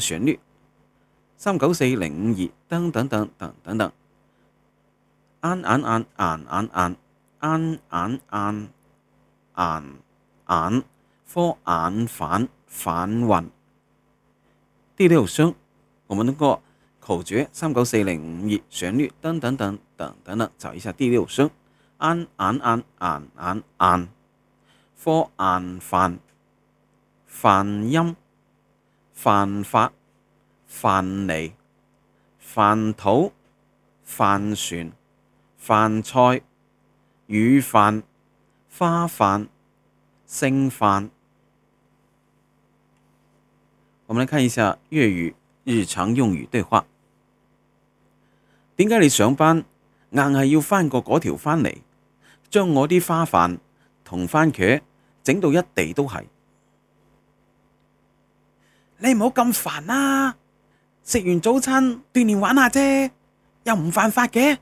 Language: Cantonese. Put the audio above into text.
旋律三九四零五二，噔噔噔噔，等等，安安安安，安安安，安，安安眼眼，科眼反反韻，第六聲。我們通過口訣三九四零五二旋律，噔噔噔噔噔噔，找一下第六聲，安安安安眼眼科眼反反音。犯法、樊籬、礬土、帆船、飯菜、雨軬、花瓣、姓范。我們來看一下粵語日常用語對話。點解你上班硬係要翻過嗰條籓籬，將我啲花瓣同番茄整到一地都係？你唔好咁煩啦，食完早餐鍛煉玩下啫，又唔犯法嘅。